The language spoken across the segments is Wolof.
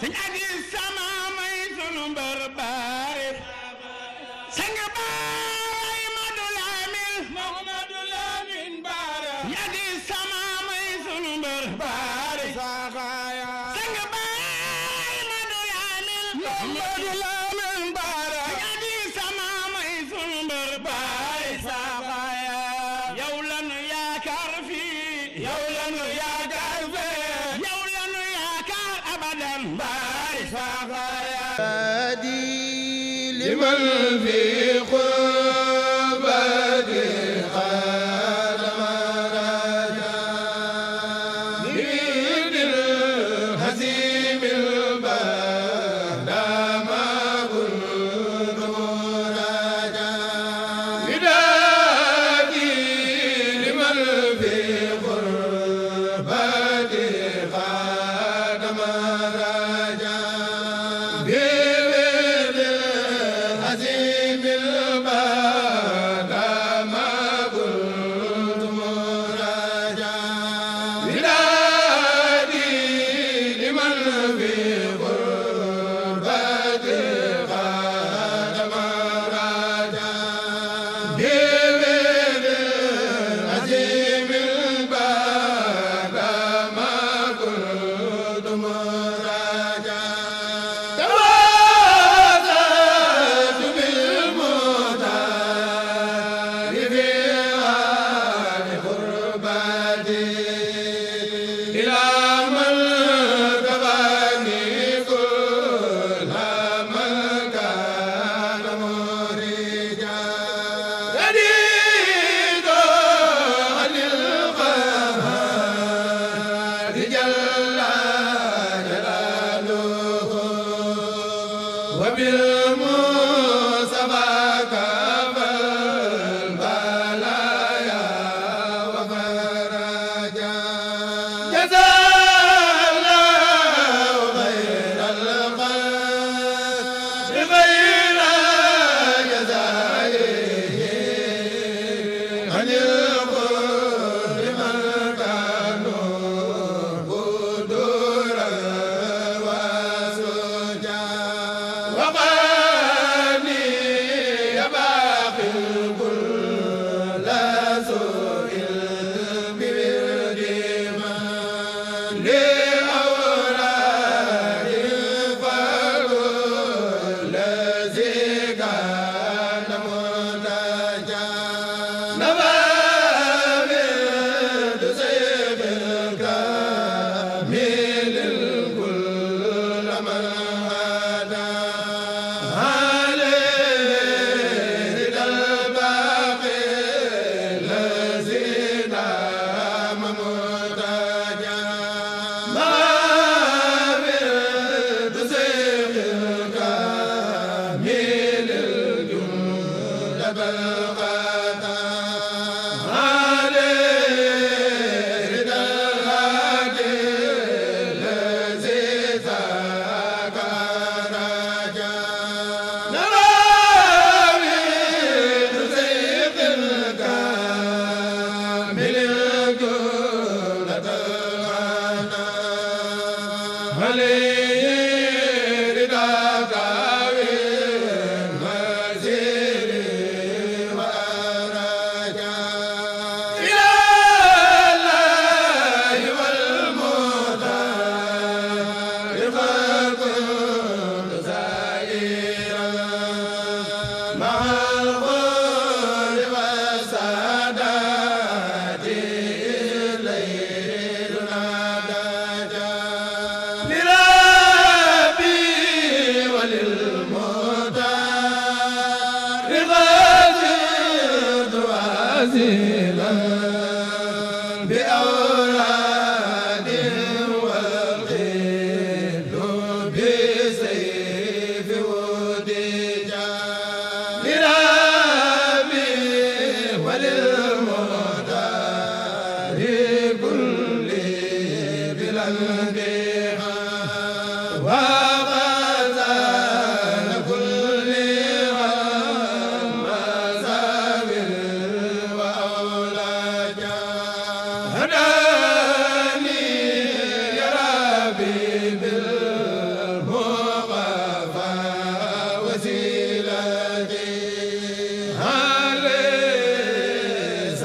sëñ Aziz sama may sunu mbër baare sang baay Madu Lamin Madu Lamin baare sëñ Aziz sama may sunu mbër baare sang baay Madu Lamin Madu Lamin baare liman fi wa bil Never aziz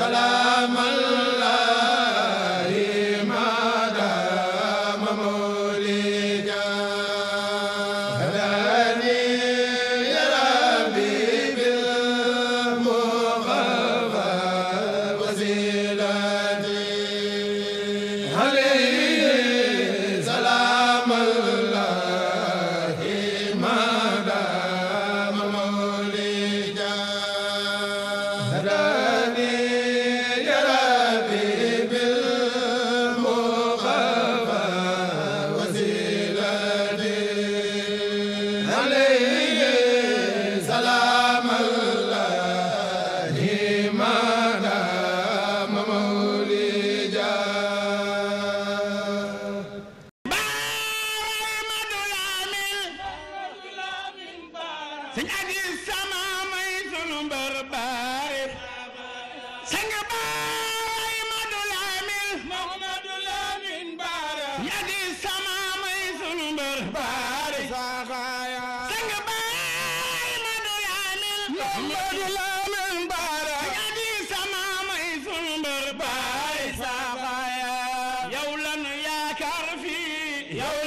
salaamal ña di sama may sunu mbër baari saxaaya sang baay ma du yaanil ma di laamin baara ña di sama may sunu mbër baari saxaaya yow lanu yaakaar fii